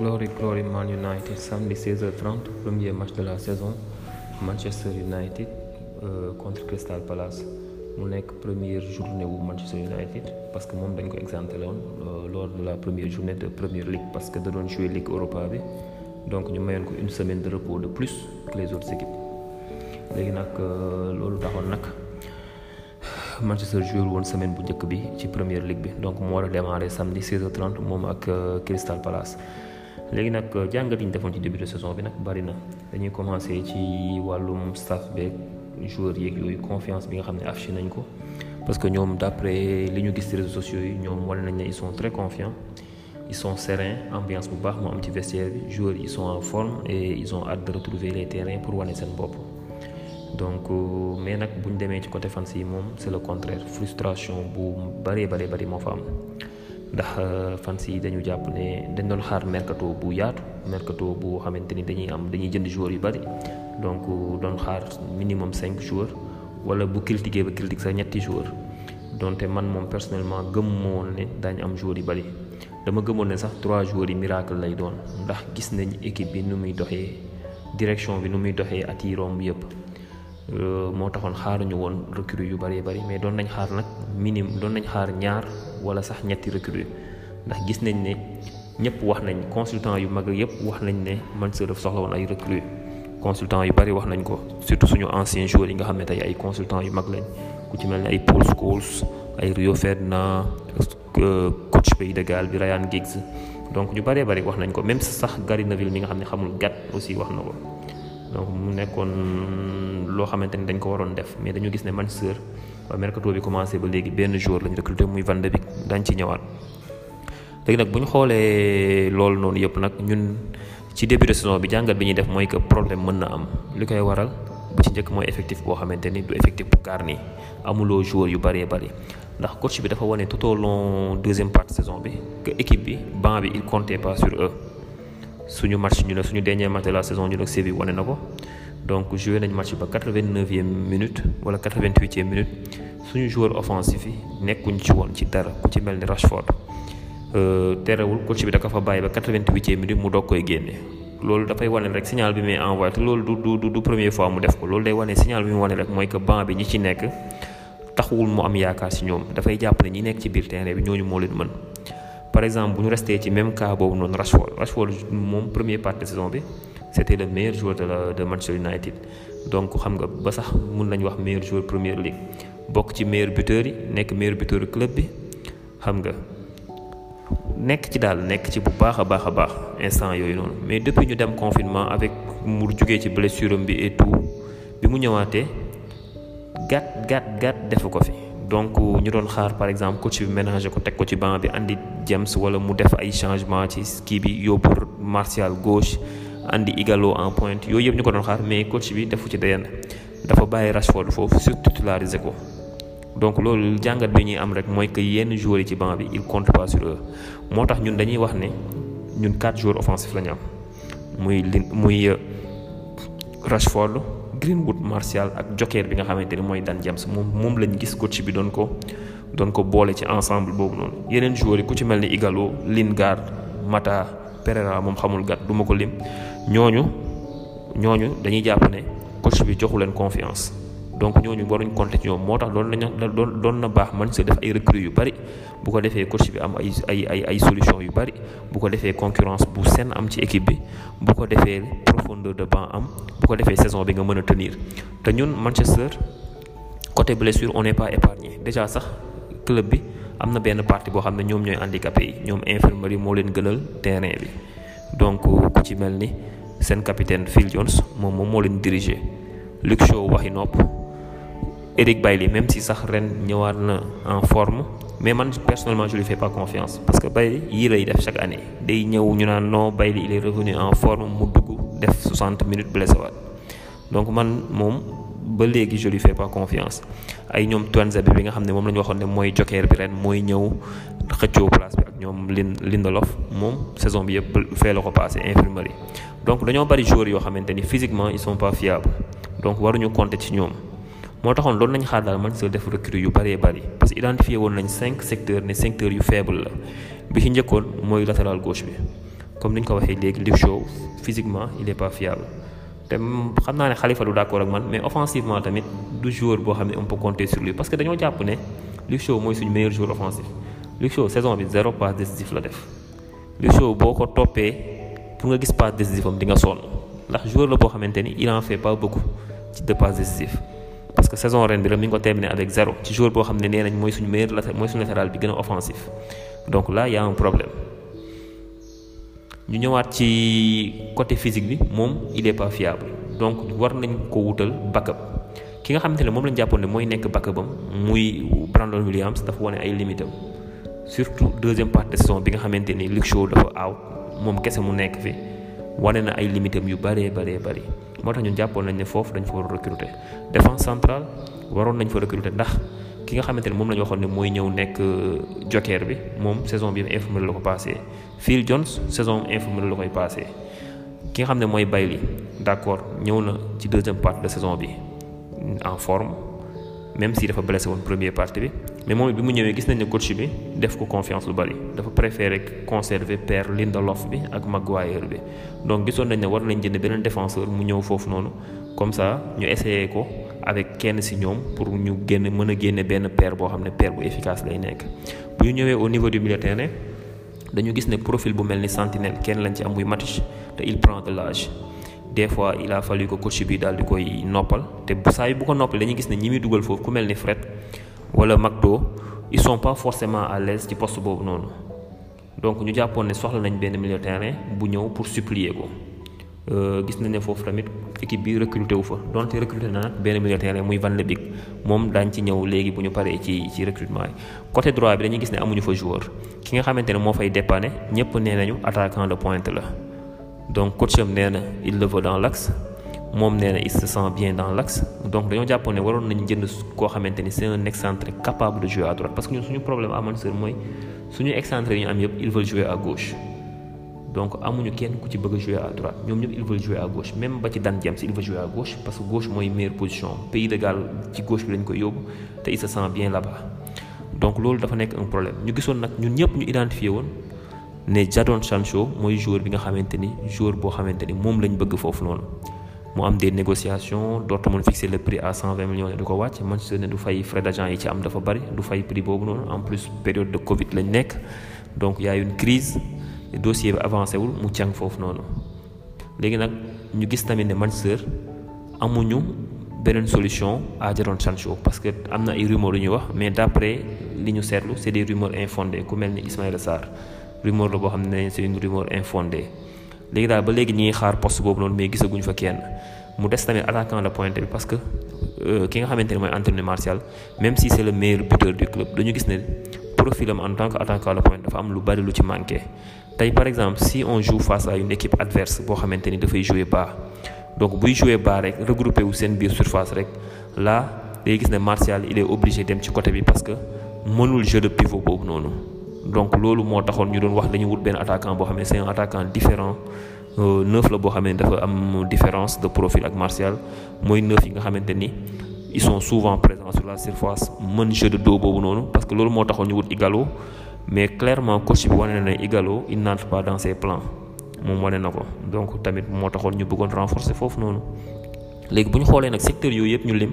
Glory, glory Man United. Samedi 16h30, premier match de la saison Manchester United euh, contre Crystal Palace mu nekk première journée wu Manchester United parce que moom dañ ko exempté loon euh, lors de la première journée de Premier League parce que da doon jouer Ligue Europa bi donc ñu mayoon ko une semaine de repos de plus que les autres équipes léegi nag euh, loolu taxoon nag Manchester joué woon semaine bu njëkk bi ci Premier League bi donc moo war a démarrer samedi moom ak euh, Crystal Palace. léegi nag euh, jàngat yi ñu defoon ci début de saison bi nag bari na dañuy commencé ci wàllum staff beeg joueurs yeeg yooyu confiance bi nga xam ne affiché nañ ko parce que ñoom d'après li ñu gis ci réseaux sociaux yi ñoom wane nañ ne ils sont très confiants ils sont sereins ambiance bu baax moo am ci vestiaire bi joueurs yi ils sont en forme et ils ont hâte retrouver les terrains pour wane seen bopp. donc euh, mais nag bu ñu demee ci côté fans yi moom c'est le contraire frustration bu bëree bëri bëri moo fa am. ndax euh, fans yi dañu jàpp ne dañ doon xaar mercato bu yaatu mercato bu xamante ni dañuy am dañuy jënd joueurs yu bari donc doon xaar minimum cinq joueurs wala bu critiqué ba critique sax ñetti joueurs donte man moom personnellement gëmmoo woon ne daañu am joueurs yu bari dama gëmoon ne sax trois jour yi miracle lay doon ndax gis nañ équipe bi nu muy doxee direction bi nu muy doxee at yi romb yëpp euh, moo taxoon xaaruñu woon recrue yu bari bari mais doon nañ xaar nag minimum doon nañ xaar ñaar. wala sax ñetti recrue ndax gis nañ ne ñëpp wax nañ consultant yu mag yëpp wax nañ ne Mansour soxla woon ay recrue consultant yu bari wax nañ ko surtout suñu anciens joueurs yi nga xam ne tey ay consultant yu mag lañ ku ci mel ni ay Paul Scholes ay Rio na euh, coach Pays de Galles bi Ryan Giggs donc ñu bëree bari wax nañ ko même sax Gary Neville mi nga xam ne xamul gat aussi wax na ko donc mu nekkoon loo xamante ni dañ ko waroon def mais dañu gis ne Mansour mercato bi commencé ba léegi benn jour lañu recruté muy Van de Beek dañ ci ñëwaat léegi nag bu ñu xoolee loolu noonu yëpp nag ñun ci début de saison bi jàngat bi ñuy def mooy que problème mën na am li koy waral bu ci njëkk mooy effectif boo xamante ni du effectif bu kaar nii amuloo jour yu baree bëri ndax coach bi dafa wane tout au long deuxième part saison bi que équipe bi banc bi il comptait pas sur eux suñu match ñu ne suñu dernier match de la saison ñu nag Séville wane na ko donc joué nañ match ba quatre vingt wala quatre-vingt-huitième suñu joueur offensif yi nekkuñ ci woon ci dara ku ci mel ni Rashford euh, terewul coach bi da ko fa bàyyi ba quatre-vingt-huitième minute mu doog koy génne loolu dafay wane rek signal bi muy envoyé loolu du du du première fois mu def ko loolu day wane signal bi mu wane rek mooy que banc bi ñi ci nekk taxawul mu am yaakaar si ñoom dafay jàpp ne ñi nekk ci biir terrain bi ñooñu moo leen mën par exemple bu ñu restee ci même cas boobu noonu Rashford moom première partie de bi. c'était le meilleur joueur de la de Manchester United donc xam nga ba sax mun nañu wax meilleur jour Premier League bokk ci meilleur buteur yi nekk meilleur buteur club bi xam nga nekk ci daal nekk ci bu baax a baax a baax instant yooyu noonu mais depuis ñu dem confinement avec mu jógee ci blessure am bi et tout bi mu ñëwaatee gàtt gàtt gàtt defu ko fi. donc ñu doon xaar par exemple coach bi ménager ko teg ko ci banc bi andi James wala mu def ay changement ci kii bi yóbbu Martial gauche. andi Igalo en point yooyu yëpp ñu ko doon xaar mais coach bi defu ci dayan dafa bàyyi Rashford foofu surtout titularisé ko donc loolu jàngat bi ñuy am rek mooy que yenn joueurs yi ci banc bi il compte pas sur eux moo tax ñun dañuy wax ne ñun quatre joueurs offensifs lañu am muy li muy euh, Rashford Greenwood Martial ak Joker bi nga xamante ni mooy Dan James moom moom lañ gis coach bi doon ko doon ko boole ci ensemble boobu noonu yeneen joueurs yi ku ci mel ni Igalo Lingard Mata. Pereira moom xamul gat duma ko lim ñooñu ñooñu dañuy jàpp ne coach bi joxu leen confiance donc ñooñu waruñ compter ci ñoom moo tax doon nañu doon doon na baax man si def ay recrues yu bari bu ko defee coach bi am ay ay ay ay solution yu bari bu ko defee concurrence bu seen am ci équipe bi bu ko defee profondeur de banc am bu ko defee saison bi nga mën a tenir te ñun Manchester côté blessure on n'est pas épargné déjà sax club bi. am na benn partie boo xam ne ñoom ñooy handicapé yi ñoom infirmerie moo leen gënal terrain bi donc ku ci mel ni seen capitaine Phil Jones moom moom moo leen diriger Luke Shaw waxi nopp Eric Bailly même si sax ren ñëwaat na en forme mais man personnellement je lui confiance parce que bay yii lay def chaque année day ñëw ñu naan non bay lii lay revenu en forme mu dugg def 60 minutes blessé waat donc man moom. ba léegi je lui fais pas confiance ay ñoom Tuanzebe bi nga xam ne moom la ñu waxoon ne mooy joker bi ren mooy ñëw xëccoo place bi ak ñoom Lin Lindelof moom saison bi yëpp fee la ko passé infirmerie donc dañoo bari joueurs yoo xamante ni physiquement ils sont pas fiables donc waruñu compter ci ñoom. moo taxoon loolu nañ xaar daal man sa def recrue yu bëree bari parce que identifié woon nañ cinq secteurs ne secteurs yu faible la bi ci njëkkoon mooy latéral gauche bi comme ni ko waxee léegi Luke Shaw physiquement il est te xam naa ne xalifa du d'accord ak man mais offensivement tamit du joueur boo xam ne on peut compter sur lui parce que dañoo jàpp ne Luke Shaw mooy suñu meilleur joueur offensif Luke Shaw saison bi zéro passe décisif la def Luke Shaw boo ko toppee pour nga gis passe décisif am di nga sonn ndax joueur la boo xamante ni il en fait pas beaucoup ci de passe décisif parce que saison ren bi la mi avec zéro ci joueur boo xam ne nee nañ mooy suñu meilleur latéral mooy suñu bi gën a offensif donc là y ñu ñëwaat ci côté physique bi moom il est pas fiable donc war nañ ko wutal backup ki nga xamante ne moom lañ jàppoon ne mooy nekk backup am muy Brandon Williams dafa wane ay limitam surtout deuxième partie de saison bi nga xamante ni Luke Shaw dafa aw moom kese mu nekk fi wane na ay limitam yu bëree bëree bëri moo tax ñu jàppoon nañ ne foofu dañ fa war a recruter défense centrale waroon nañ fa recruter ndax. ki nga xamante ni moom la ñu waxoon ne mooy ñëw nekk euh, joker bi moom saison bi infirmier la ko passé Phil Jones saison infirmier la koy passé ki nga xam ne mooy bay Bailey d'accord ñëw na ci deuxième partie de saison bi en forme même si dafa blessé woon première partie bi mais moom bi mu ñëwee gis nañ ne coach bi def ko confiance lu bari dafa préféré conserver paire Lindelof bi ak Maguire bi donc gisoon nañ ne war nañ jënd beneen defenseur mu ñëw foofu noonu comme ça ñu essayé ko. avec kenn si ñoom pour ñu génn mën a génne benn paire boo xam ne paire bu efficace lay nekk bu ñu ñëwee au niveau du milieu de terrain dañu gis ne profil bu mel ni sentinelle kenn lañ ci am muy Matic te il prend lage l'âge des fois il a fallu ko coach bi daal di koy noppal te saa yi bu ko noppal dañuy gis ne ñi muy dugal foofu ku mel ni Fred wala Magdo il sont pas forcément à l'aise ci post boobu noonu donc ñu jàppoon ne soxla nañ benn milieu de bu ñëw pour supplier ko euh, gis nañ ne foofu tamit équipe bi recruté wu fa donte recruté na nag benn milieu terrain muy Van Lebbik moom daañ ci ñëw léegi bu ñu paree ci ci recrutement yi côté droit bi dañuy gis ne amuñu fa joueur ki nga xamante ne moo fay dépanner ñëpp nee nañu attaquant de pointe la donc coach am nee na il le veut dans l'axe moom nee na il se sent bien dans l'axe donc dañoo jàppoon ne waroon nañu jënd koo xamante ni c'est un excentré capable de jouer à droite parce que suñu problème amoon sër mooy suñu excentré yi am yëpp ils veulent jouer à donc amuñu kenn ku ci bëgg a jouer à droite ñoom ñëpp il veut jouer à gauche même ba ci Dan James il veut jouer à gauche parce que gauche mooy meilleure position pays de Galles ci gauche bi lañ ko yóbbu te il se sent bien là-bas donc loolu dafa nekk un problème ñu gisoon nag ñun ñëpp ñu identifié woon ne Jadon Sancho mooy joueur bi nga xamante ni joueur boo xamante ni moom lañ bëgg foofu noonu mu am des négociations Dortmund fixé le prix à 120 ko wàcc Manchester ne du fay dafa bari du fay prix boobu noonu en plus période de Covid lañ nekk donc y a une crise dossier bi avancé wul mu càng foofu noonu léegi nag ñu gis tamit ne Manchester amuñu beneen solution à Jadon Sancho parce que am na ay rumeurs yu ñu wax mais d' après li ñu seetlu c' est des rumeurs ku mel ni Ismaïla Sarr rumeur la boo xam ne c' est une rumeur infondée léegi daal ba léegi ñuy xaar post boobu noonu mais gisaguñu fa kenn mu des tamit attaquant la pointe bi parce que euh, ki nga xamante ne mooy Anthony Martial même si c' est le meilleur buteur du club dañu tant que attaquant la pointe am lu bari lu ci manqué. tey par exemple si on joue face à une équipe adverse boo xamante ni dafay jouer bas donc buy jouer bas rek regroupé wu seen biir surface rek là day gis ne Martial il est obligé dem ci côté bi parce que mënul jeu de pivot boobu noonu donc loolu moo taxoon ñu doon wax dañu wut benn attaquant boo xam ne c'est un attaquant différent euh, neuf la boo xam ne dafa am différence de profil ak Martial mooy neuf yi nga xamante ni ils sont souvent présents sur la surface mën jeu de noonu parce que loolu moo taxoon ñu wut mais clairement coach bi wane na ne Igalo il n'entre pas dans ses plans moom wane na ko donc tamit moo taxoon ñu bëggoon renforcer foofu noonu léegi bu ñu xoolee nag secteur yooyu yëpp ñu lim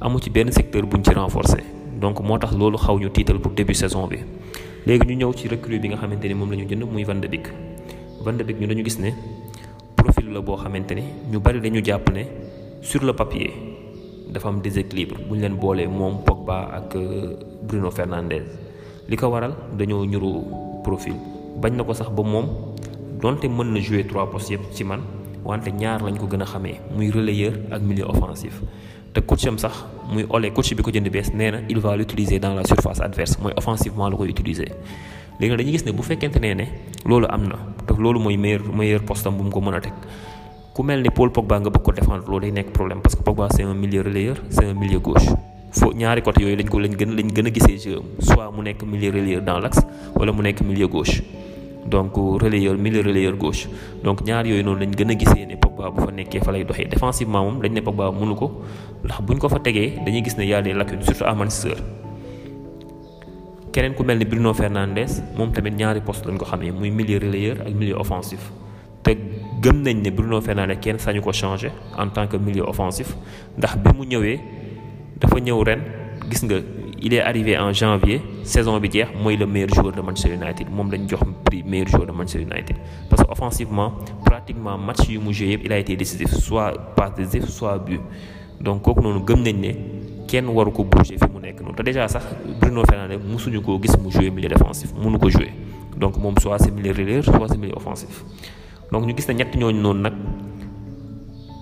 amu ci benn secteur buñ ci renforcer donc moo tax loolu xaw ñu tiital pour début saison bi léegi ñu ñëw ci recrue bi nga xamante ni moom la ñu jënd muy Van de Beek Van de Beek ñu dañu gis ne profil la boo xamante ni ñu bari dañu jàpp ne sur le papier dafa am déséquilibre bu ñu leen boolee moom Pogba ak euh, Bruno Fernandes li ko waral dañoo ñuru profil bañ na ko sax ba moom donte mën na jouer trois postes yëpp ci man wante ñaar lañ ko gën a xamee muy relayeur ak milieu offensif te coach am sax muy ole coach bi ko jënd bees nee il va l'utiliser dans la surface adverse mooy offensivement la koy utiliser léegi dañuy gis ne bu fekkente nee loolu am na te loolu mooy meilleur meilleur poste bu mu ko mën a teg ku mel ni Paul Pogba nga bëgg ko défendre loolu day nekk foo ñaari côté yooyu lañ ko lañ gën lañ gën a gisee jeu soit mu nekk milieu relayeur dans l'axe wala mu nekk milieu gauche donc euh, relayeur milieu relayeur gauche donc ñaar yooyu noonu lañ gën a gisee ne Pogba bu fa nekkee fa lay doxee défensivement moom dañ ne Pogba mënu ko ndax buñ ko fa tegee dañuy gis ne y a des lacunes surtout à Manchester. keneen ku mel ni Bruno Fernandes moom tamit ñaari poste lañ ko xamee muy milieu relayeur ak milieu offensif te gëm nañ ne Bruno Fernandes kenn sañu ko changer en tant que milieu offensif ndax bi mu ñëwee. dafa ñëw ren gis nga il est arrivé en janvier saison bi jeex mooy le meilleur joueur de Manchester United moom lañ jox prix meilleur joueur de Manchester United parce que offensivement pratiquement match yu mu joué yëpp il a été décisif soit passe décisif soit but donc kooku noonu gëm nañ ne kenn waru ko bouger fi mu nekk noonu te déjà sax Bruno Fernandes musuñu koo gis mu joué milieu défensif mënu ko joué donc moom soit c'est milieu soit c'est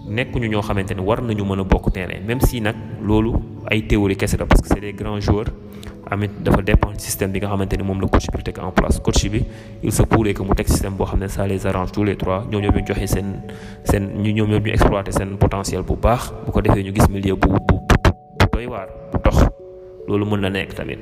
nekkuñu ñoo xamante ne war nañu mën a bokk terrain même si nag loolu ay théorie kese la parce que c'est des grands joueurs amit dafa dépendre système bi nga xamante ni moom la coach bi teg en place coach bi il se pourrait que mu teg système boo xam ne ça les arrange tous les trois ñoo ñoo ñu joxe seen seen ñu ñoom ñoom ñu exploiter seen potentiel bu baax bu ko defee ñu gis milieu bu bu bu doy waar bu dox loolu mën na nekk tamit.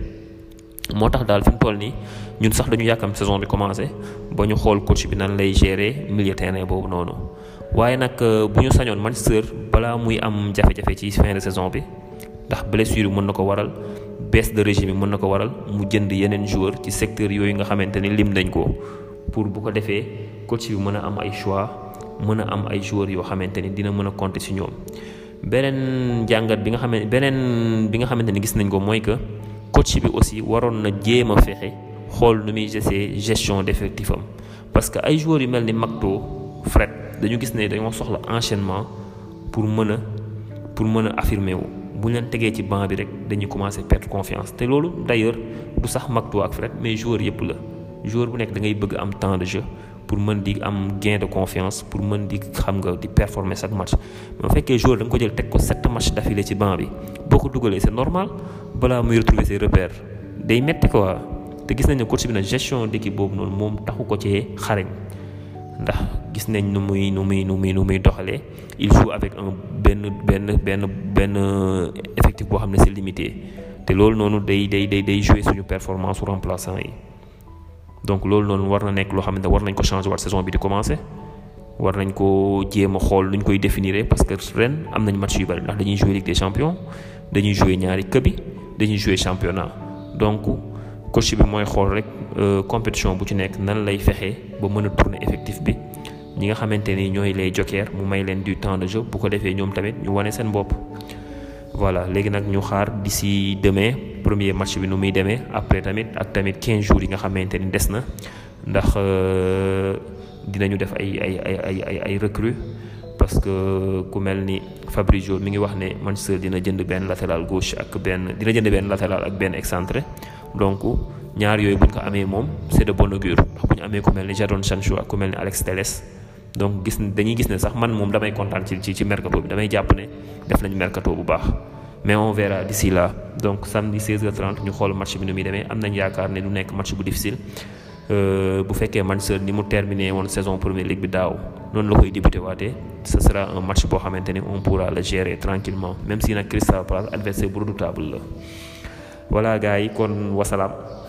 moo tax daal fi mu toll nii ñun sax dañu yàkkam saison bi commencé ba ñu xool coach bi nan lay gérer milieu terrain boobu noonu. waaye nag euh, bu ñu sañoon Manchester balaa muy am jafe-jafe ci fin de saison bi ndax blessure yi mën na ko waral baisse de régime yi mën na ko waral mu jënd yeneen joueur ci secteur yooyu nga xamante ni lim nañ ko pour bu ko defee coach bi mën a am ay choix mën a am ay joueurs yoo xamante ni dina mën a compter si ñoom. beneen jàngat bi nga xamante beneen bi nga xamante ni gis nañ ko mooy que coach bi aussi waroon na jéem a fexe xool nu muy gesee gestion d'effectif am parce que ay joueurs yu fret dañu gis ne dañoo soxla enchaînement pour mën a pour mën a affirmer wu bu ñu leen tegee ci ban bi rek dañuy commencer perdre confiance te loolu d'ailleurs du sax Magbo ak Fred mais joueur yëpp la joueur bu nekk da ngay bëgg am temps de jeu pour mën di am gain de confiance pour mën di xam nga di performer chaque match mais bu fekkee joueur da nga ko jël teg ko set match d'affilée ci banc bi boo ko dugalee c'est normal balaa muy retrouver ses repères day metti quoi te gis nañ ne coach bi na gestion d'équipe boobu noonu moom taxu ko cee xarañ. ndax gis nañ nu muy nu muy nu muy nu muy doxalee il joue avec un benn benn benn benn effectif boo xam ne c'est limité te loolu noonu day day day day jouer suñu performance su remplaçant yi donc loolu noonu war na nekk loo xam ne war nañ ko changer waat saison bi di commencer war nañ ko jéem a xool luñ koy définir parce que ren am nañ match yu bari ndax dañuy jouer Ligue des Champions dañuy jouer ñaari këbi dañuy jouer championnat donc coach bi mooy xool rek euh, compétition bu ci nekk nan lay fexe ba mën a tourner effectif bi ñi nga xamante ni ñooy lay joker mu may leen du temps de jeu bu ko defee ñoom tamit ñu wane seen bopp. voilà léegi nag ñu xaar d'ici demain premier match bi nu muy demee après tamit ak tamit 15 jours yi nga xamante ni des na ndax euh, dinañu def ay ay ay ay ay recrues parce que ku mel ni Fabrizio mi ngi wax ne Manchester dina jënd benn latéral gauche ak benn dina jënd benn latéral ak benn excentré. donc ñaar yooyu bu ko amee moom c' est de bon ndax bu ñu amee ku mel ni Jadon Sancho ak ku mel ni Alex Telles donc gis dañuy gis ne sax man moom damay kontaan ci ci ci mercato bi damay jàpp ne def nañ mercato bu baax mais on verra d'ici là donc samedi ñu xool match bi nu muy demee am nañ yaakaar ne du nekk match bu difficile euh, bu fekkee Manchester ni mu terminé woon saison première ligue bi daaw noonu la koy débuté waatee ce sera un match boo xamante ni on pourra le gérer tranquillement même si nag Crystal Palace adversaire la voilà gars yi kon wasalaam.